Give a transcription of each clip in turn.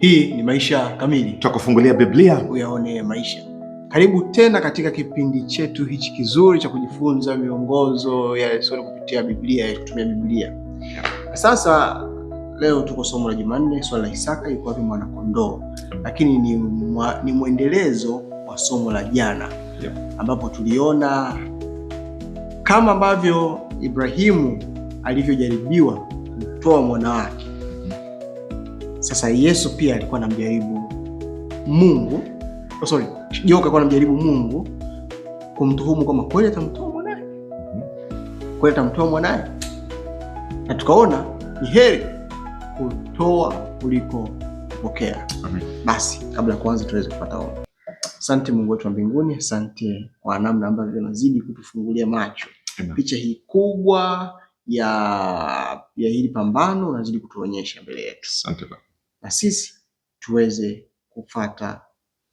Hii ni Maisha Kamili, tutakufungulia Biblia uyaone maisha. Karibu tena katika kipindi chetu hichi kizuri cha kujifunza miongozo ya sura kupitia Biblia, ya kutumia Biblia. Sasa leo tuko somo la Jumanne, swala la Isaka yuko wapi mwanakondoo, lakini ni, mwa, ni mwendelezo wa somo la jana yeah, ambapo tuliona kama ambavyo Ibrahimu alivyojaribiwa kutoa mwana wake sasa Yesu pia alikuwa anamjaribu Mungu, oh, sorry, joka alikuwa anamjaribu Mungu kumtuhumu kama kweli atamtoa mwanaye, hmm? kweli atamtoa mwanaye, na tukaona ni heri kutoa kuliko kupokea. Basi kabla ya kuanza, tuweze kupata ombi. Asante Mungu wetu wa mbinguni, asante kwa namna ambavyo unazidi kutufungulia macho picha hii kubwa ya, ya hili pambano unazidi kutuonyesha mbele yetu. Asante Baba na sisi tuweze kufata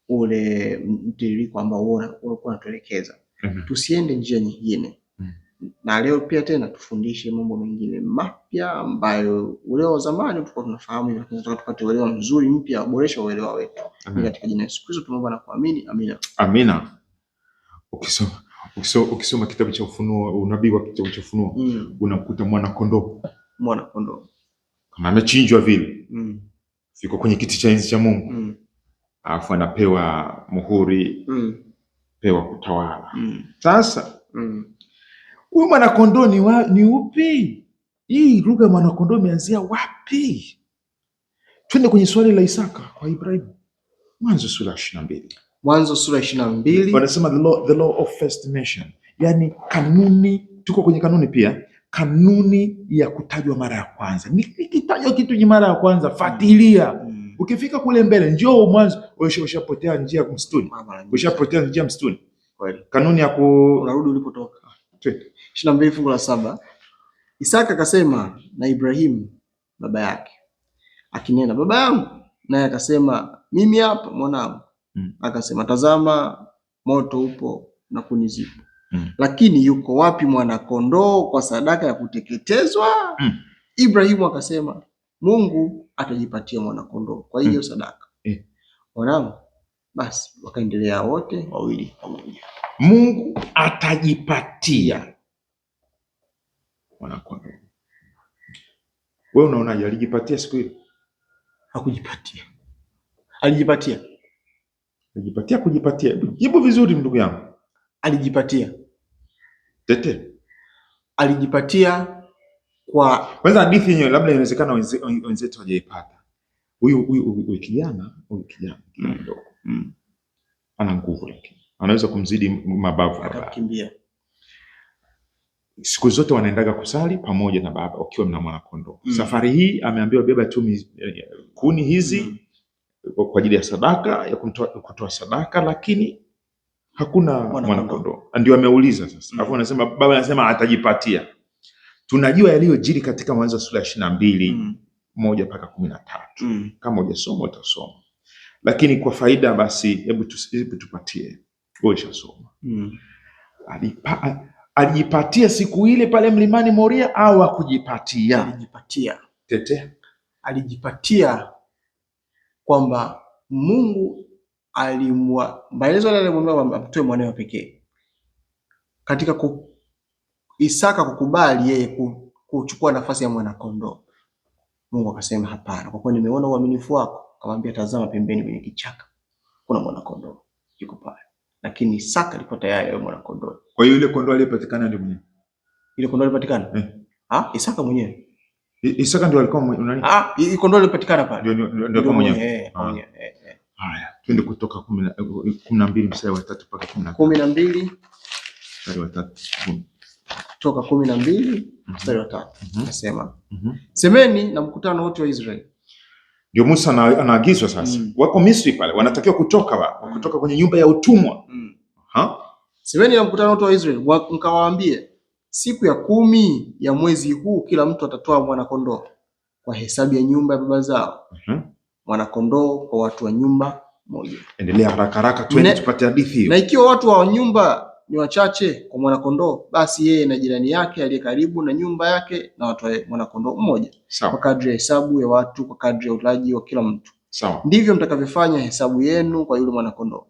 ule mtiririko ambao ulikuwa unatuelekeza. mm -hmm. Tusiende njia nyingine. mm -hmm. Na leo pia tena tufundishe mambo mengine mapya ambayo uelewa wa zamani tulikuwa tunafahamu, tunataka tupate uelewa mzuri mpya, boresha uelewa wetu. Ni katika jina la Yesu Kristo tunaomba na kuamini, amina. Amina. Ukisoma ukisoma, ukisoma kitabu cha Ufunuo, unabii wa kitabu cha Ufunuo mm. unakuta mwana kondoo mwana kondoo kama amechinjwa vile mm yuko kwenye kiti cha enzi cha Mungu mm. alafu anapewa muhuri mm. pewa kutawala mm. sasa mm. huyu mm. mwanakondoo ni, ni upi? Hii lugha ya mwanakondoo imeanzia wapi? Twende kwenye swali la Isaka kwa Ibrahimu, Mwanzo sura ya ishirini na mbili Mwanzo sura ishirini na mbili wanasema the law, the law of first mention, yani kanuni. Tuko kwenye kanuni pia kanuni ya kutajwa mara ya kwanza. Nikitajwa kitu ni mara ya kwanza, fatilia mm. Ukifika kule mbele, njoo mwanzo, ushapotea njia msituni, ushapotea njia msituni. Kanuni ya kurudi ulipotoka. Ishirini na mbili fungu la saba Isaka akasema na Ibrahimu baba yake akinena, baba yangu, naye akasema mimi hapa mwanangu. mm. Akasema tazama, moto upo na kunizika Mm. lakini yuko wapi mwanakondoo kwa sadaka ya kuteketezwa? mm. Ibrahimu akasema Mungu atajipatia mwanakondoo kwa hiyo mm. sadaka eh. mm. wanangu. Basi wakaendelea wote wawili pamoja, Mungu atajipatia mwanakondoo. Wewe unaonaje? Alijipatia siku hiyo? Hakujipatia. Alijipatia. Alijipatia kujipatia. Jibu vizuri ndugu yangu alijipatia Tete alijipatia kwa kwanza. Hadithi yenyewe labda inawezekana wenzetu hajaipata. Huyu huyu kijana huyu kijana mdogo mm. mm. ana nguvu, lakini anaweza kumzidi mabavu akakimbia. Siku zote wanaendaga kusali pamoja na baba wakiwa mna mwanakondoo mm. Safari hii ameambiwa beba tu eh, kuni hizi mm. kwa ajili ya sadaka ya kutoa sadaka, lakini hakuna mwanakondoo. Ah, ndio ameuliza sasa, mm. alafu anasema baba anasema atajipatia. Tunajua yaliyojiri katika Mwanzo sura ya ishirini na mbili mm. moja mpaka kumi na tatu mm. kama hujasoma utasoma, lakini kwa faida basi, hebu tupatie ushasoma mm. Alipa, alijipatia siku ile pale mlimani Moria au akujipatia? Alijipatia, tete, alijipatia kwamba Mungu alimwa maelezo yale alimwambia amtoe mwanawe pekee katika ku, Isaka kukubali yeye kuchukua nafasi ya mwana kondoo. Mungu akasema hapana, kwa kuwa nimeona uaminifu wako. Akamwambia tazama, pembeni kwenye kichaka kuna mwana kondoo yuko pale, lakini Isaka alikuwa tayari awe mwana kondoo. Kwa hiyo yule kondoo aliyepatikana ndio mwenyewe, ile kondoo alipatikana eh, ah, Isaka mwenyewe Isaka ndio alikuwa nani? Ah, ile kondoo alipatikana pale ndio ndio ndio mwenyewe eh, ah. mwenyewe eh, eh. Haya, twende Kutoka kumi na mbili mstari wa tatu mpaka kumi na mbili mstari wa tatu Kutoka kumi na mbili mhm. mstari wa tatu mhm. nasema mhm. semeni na mkutano wote wa Israeli. Ndio Musa anaagizwa sasa, mm. wako Misri pale, wanatakiwa kutoka wa, mm. kutoka kwenye nyumba ya utumwa mm. semeni na mkutano wote wa Israeli mkawaambie, siku ya kumi ya mwezi huu kila mtu atatoa mwana kondoo kwa hesabu ya nyumba ya baba zao mm -hmm mwanakondoo kwa watu wa nyumba moja. Endelea haraka haraka twende tupate hadithi hiyo. Na ikiwa watu wa nyumba ni wachache kwa mwanakondoo, basi yeye na jirani yake aliye karibu na nyumba yake na watu wa mwanakondoo mmoja, kwa kadri ya hesabu ya watu, kwa kadri ya ulaji wa kila mtu. Sawa. Ndivyo mtakavyofanya hesabu yenu kwa yule mwanakondoo.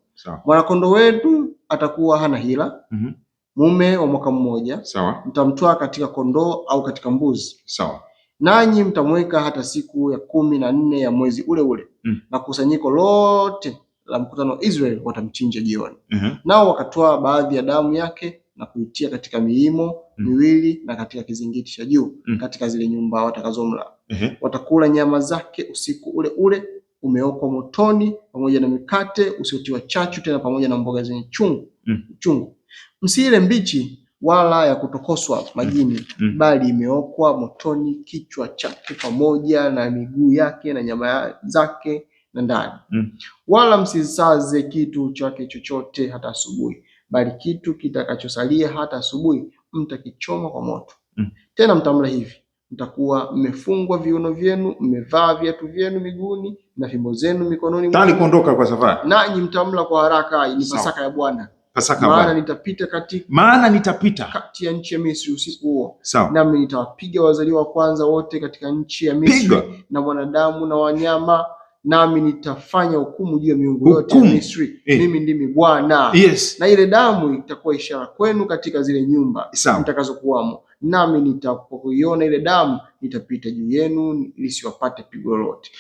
Mwanakondoo wetu atakuwa hana hila. mm -hmm. Mume wa mwaka mmoja mtamtoa katika kondoo au katika mbuzi. Sawa nanyi mtamweka hata siku ya kumi na nne ya mwezi ule ule mm. na kusanyiko lote la mkutano wa Israeli watamchinja jioni mm -hmm. nao wakatoa baadhi ya damu yake na kuitia katika miimo mm. miwili na katika kizingiti cha juu mm. katika zile nyumba watakazomla mm -hmm. watakula nyama zake usiku ule ule umeokwa motoni pamoja na mikate usiotiwa chachu tena pamoja na mboga zenye chungu mm. chungu msiile mbichi wala ya kutokoswa majini mm, mm. bali imeokwa motoni, kichwa chake pamoja na miguu yake na nyama zake na ndani mm. wala msisaze kitu chake chochote hata asubuhi, bali kitu kitakachosalia hata asubuhi mtakichoma kwa moto mm. Tena mtamla hivi, mtakuwa mmefungwa viuno vyenu, mmevaa viatu vyenu miguuni, na fimbo zenu mikononi, kuondoka kwa safari, nanyi mtamla kwa haraka. Ni Pasaka ya Bwana. Pasaka maana nitapita kati maana nitapita kati ya nchi ya Misri usiku huo, nami nitawapiga wazaliwa kwanza wote katika nchi ya Misri Piga. na wanadamu na wanyama, nami nitafanya hukumu juu ya miungu yote ya Misri. eh. Mimi ndimi Bwana. Yes. Na ile damu itakuwa ishara kwenu katika zile nyumba mtakazokuwamo, nami nitapoiona ile damu nitapita juu yenu nisiwapate pigo lolote.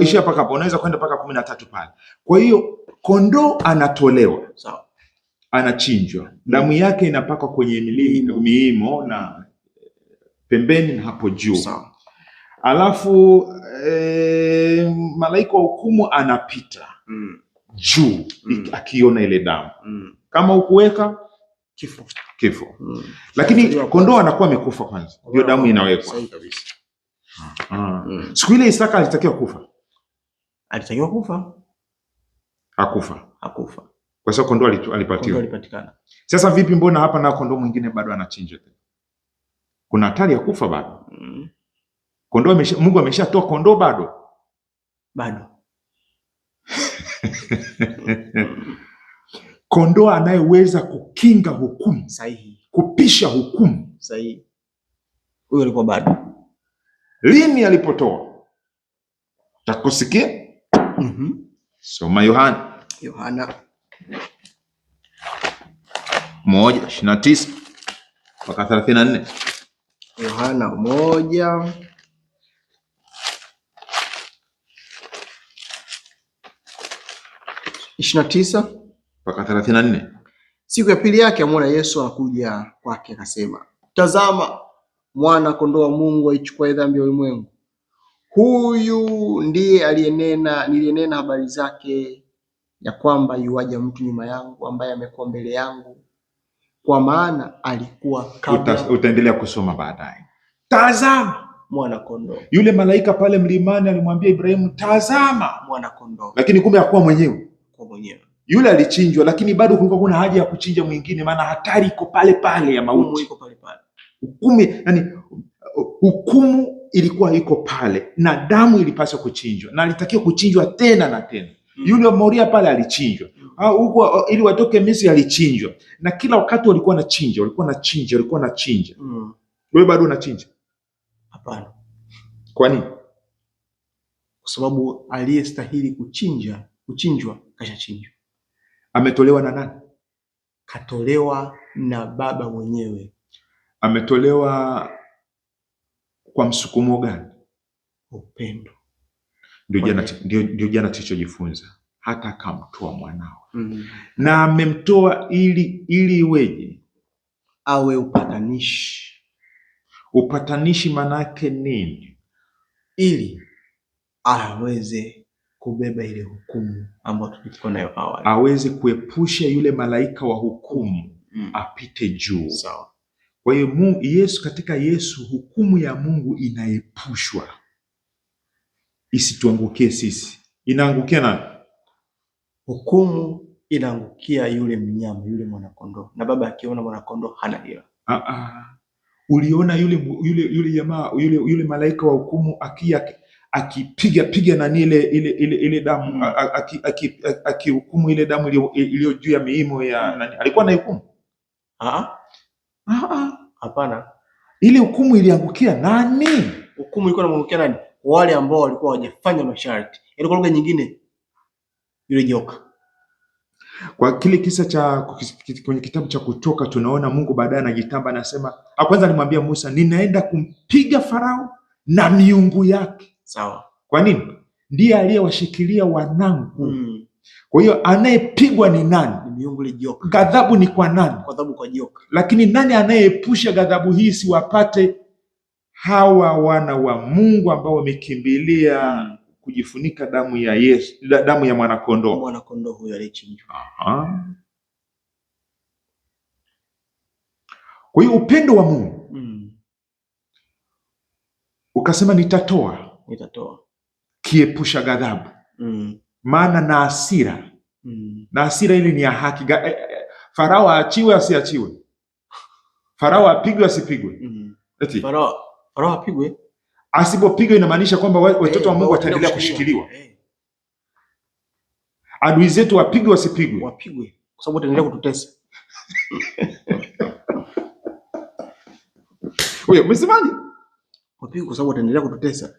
Ishia paka hapo, unaweza kwenda paka kumi na tatu pale. Kwa hiyo kondoo anatolewa sawa anachinjwa, mm. damu yake inapakwa kwenye milimo, miimo na eh, pembeni na hapo juu Sao. Alafu e, malaika wa hukumu anapita mm. juu mm. akiona ile damu mm. kama ukuweka kifo kifo mm. lakini kondoo anakuwa amekufa kwanza, hiyo damu inawekwa ah. mm. siku ile Isaka alitakiwa kufa, alitakiwa kufa, akufa, akufa. Kwa sababu kondoo alipatiwa. Sasa vipi, mbona hapa na kondoo mwingine bado anachinja? Kuna hatari ya kufa bado. Mm. Kondoo amesha, Mungu ameshatoa kondoo bado. Bado. Kondoo anayeweza kukinga hukumu sahihi, kupisha hukumu sahihi. Huyo alikuwa bado. Lini alipotoa? Takusikia? Mhm. Mm. Soma Yohana. Yohana moja ishirini na tisa mpaka thelathini na nne Yohana moja ishirini na tisa mpaka thelathini na nne Siku ya pili yake amwona Yesu anakuja kwake, akasema, tazama mwana kondoo wa Mungu aichukua dhambi ya ulimwengu. Huyu ndiye aliyenena nilienena habari zake ya kwamba yuaja mtu nyuma yangu ambaye amekuwa mbele yangu, kwa maana alikuwa kabla. Utaendelea kusoma baadaye. Tazama mwana kondoo. Yule malaika pale mlimani alimwambia Ibrahimu, tazama mwana kondoo, lakini kumbe hakuwa mwenyewe kwa mwenyewe yule alichinjwa, lakini bado kulikuwa kuna haja ya kuchinja mwingine, maana hatari iko pale pale ya mauti, iko pale pale, hukumu yani, hukumu ilikuwa iko pale, na damu ilipaswa kuchinjwa, na alitakiwa kuchinjwa tena na tena. Mm. Yule Moria pale alichinjwa ah, huko, oh, ili watoke Misri alichinjwa, na kila wakati walikuwa na chinja walikuwa na chinja, walikuwa Mm. Wewe bado unachinja? Hapana. Kwa nini? Kwa sababu aliyestahili kuchinja kuchinjwa kashachinjwa. Ametolewa na nani? Katolewa na Baba mwenyewe. Ametolewa kwa msukumo gani? Upendo ndio jana tulichojifunza, hata akamtoa mwanao mm. Mm-hmm. na amemtoa ili ili iweje? Awe upatanishi. Upatanishi manake nini? Ili aweze kubeba ile hukumu ambayo tulikuwa nayo awali, aweze kuepusha yule malaika wa hukumu mm. apite juu sawa. Kwa hiyo Yesu, katika Yesu hukumu ya Mungu inaepushwa isituangukie sisi. Inaangukia nani? Hukumu inaangukia yule mnyama, yule mwanakondoo. Na baba akiona mwanakondoo hana hila. Ah, ah. Uliona yule yule yule jamaa yule yule malaika wa hukumu akia akipiga piga na ile ile ile, ile damu mm. akihukumu aki, aki, aki ile damu iliyo juu ya miimo ya mm. nani, alikuwa na hukumu ah ah. ah ah, hapana, ile hukumu iliangukia nani? Hukumu ilikuwa inamwangukia nani? kwa wale ambao walikuwa hawajafanya masharti, yaani kwa lugha nyingine, yule joka. Kwa kile kisa cha kwenye kitabu cha Kutoka tunaona Mungu baadaye anajitamba, anasema ah, kwanza alimwambia Musa, ninaenda kumpiga Farao na miungu yake. Sawa. Kwa nini? Ndiye aliyewashikilia wanangu mm. Kwa hiyo anayepigwa ni nani? Ni miungu ile joka. Ghadhabu ni kwa nani? Ghadhabu kwa joka. Lakini nani anayeepusha ghadhabu hii siwapate hawa wana wa Mungu ambao wamekimbilia hmm. kujifunika damu ya Yesu, damu ya mwana kondoo huyo aliyechinjwa. Kwa hiyo upendo wa Mungu mm. ukasema nitatoa, nitatoa kiepusha ghadhabu mm. maana na hasira mm. na hasira ile ni ya haki. Eh, eh, eh, Farao aachiwe asiachiwe, Farao apigwe asipigwe, mm. eti Farao Farao apigwe. Asipopigwa inamaanisha kwamba eh, watoto hey, wa Mungu wataendelea kushikiliwa. Hey. Eh. Adui zetu wapigwe, wasipigwe, wapigwe kwa sababu wataendelea kututesa. Wewe msemaje? Wapigwe kwa sababu wataendelea kututesa.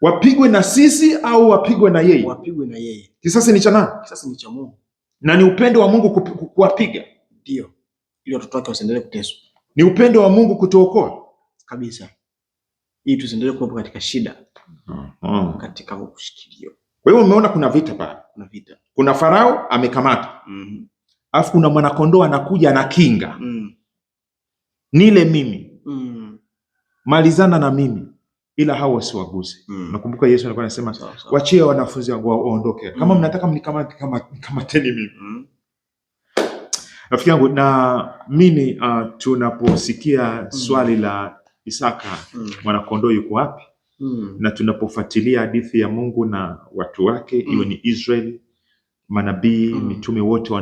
Wapigwe na sisi au wapigwe na yeye? Wapigwe na yeye. Kisasi ni cha nani? Kisasi ni cha Mungu, na ni upendo wa Mungu kuwapiga, ndio ili watoto wake wasiendelee kuteswa. Ni upendo wa Mungu kutuokoa kabisa ili tusiendelee kuwepo katika shida mm katika katika kushikilio. Kwa hiyo umeona kuna vita pale, kuna vita, kuna Farao amekamata mm alafu kuna mwanakondoo anakuja na kinga mm nile mimi mm malizana na mimi ila hao wasiwaguze. mm. Nakumbuka Yesu alikuwa anasema wachie wanafunzi wangu waondoke. mm. Kama mhm. mnataka mnikamate, kama kama teni mimi. mm. Rafiki yangu na mimi uh, tunaposikia mm. swali la Isaka mm. mwanakondoo mm. yuko wapi? mm. na tunapofuatilia hadithi ya Mungu na watu wake mm. iwe ni Israeli, manabii mm. mitume wote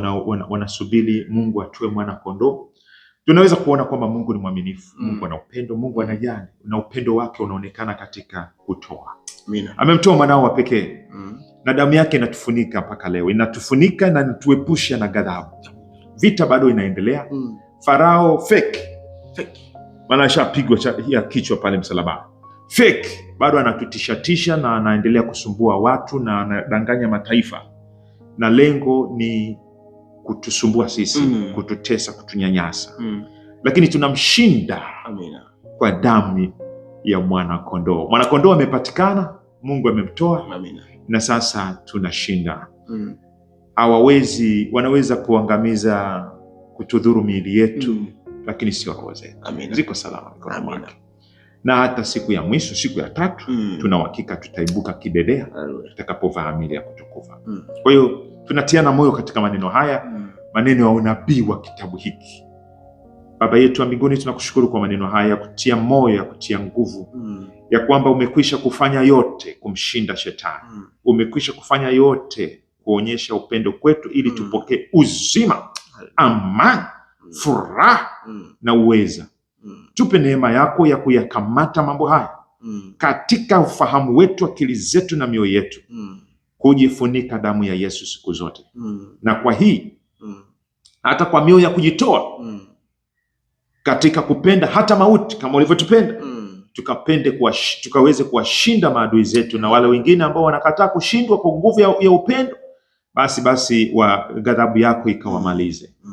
wanasubiri wana, wana Mungu atoe mwanakondoo tunaweza kuona kwamba Mungu ni mwaminifu mm. Mungu ana upendo, Mungu anajali na upendo wake unaonekana katika kutoa. Amemtoa mwanao wa pekee mm. na damu yake inatufunika mpaka leo, inatufunika na inatuepusha na ghadhabu. Vita bado inaendelea mm. Farao fake. Fake maana ashapigwa ya kichwa pale msalabani. Fake bado anatutishatisha na anaendelea kusumbua watu na anadanganya mataifa, na lengo ni kutusumbua sisi mm. kututesa, kutunyanyasa mm. lakini tunamshinda Amina. kwa damu ya mwanakondoo. Mwanakondoo amepatikana, Mungu amemtoa na sasa tunashinda mm. Hawawezi, wanaweza kuangamiza, kutudhuru miili yetu mm lakini sio roho zetu, ziko salama mikononi mwake. Na hata siku ya mwisho, siku ya tatu, mm. tuna uhakika tutaibuka kidedea tutakapovaa milia ya kutukufa. mm. Kwa hiyo tunatiana moyo katika maneno haya, mm. maneno ya unabii wa kitabu hiki. Baba yetu wa mbinguni, tunakushukuru kwa maneno haya ya kutia moyo, ya kutia nguvu, mm. ya kwamba umekwisha kufanya yote kumshinda Shetani, mm. umekwisha kufanya yote kuonyesha upendo kwetu, ili mm. tupokee uzima, amani, hmm. furaha Mm. na uweza mm. tupe neema yako ya kuyakamata mambo haya mm. katika ufahamu wetu, akili zetu na mioyo yetu mm. kujifunika damu ya Yesu siku zote mm. na kwa hii mm. hata kwa mioyo ya kujitoa mm. katika kupenda hata mauti kama ulivyotupenda mm tukapende kuwa, tukaweze kuwashinda maadui zetu na wale wengine ambao wanakataa kushindwa kwa nguvu ya, ya upendo, basi basi wa ghadhabu yako ikawamalize. Mm.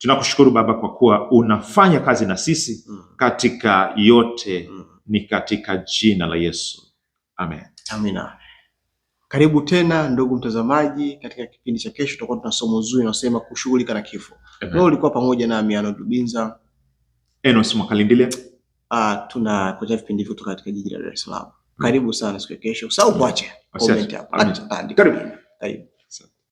Tunakushukuru Baba kwa kuwa unafanya kazi na sisi mm. katika yote mm. Ni katika jina la Yesu Amen. Amina. Karibu tena ndugu mtazamaji, katika kipindi cha kesho tutakuwa tuna somo zuri linalosema kushughulika na kifo. Leo ulikuwa pamoja nami Arnold Rubinza, Enos Mwakalindile. Ah, tuna kuja vipindi vyetu katika jiji la Dar es Salaam. Mm. Karibu sana siku ya kesho. Usahau mm. kuacha comment hapo. Karibu. Karibu.